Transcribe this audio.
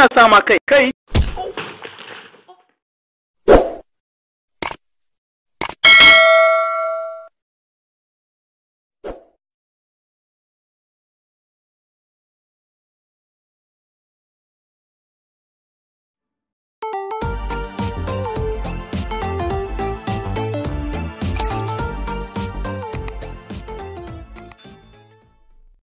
ina sama kai kai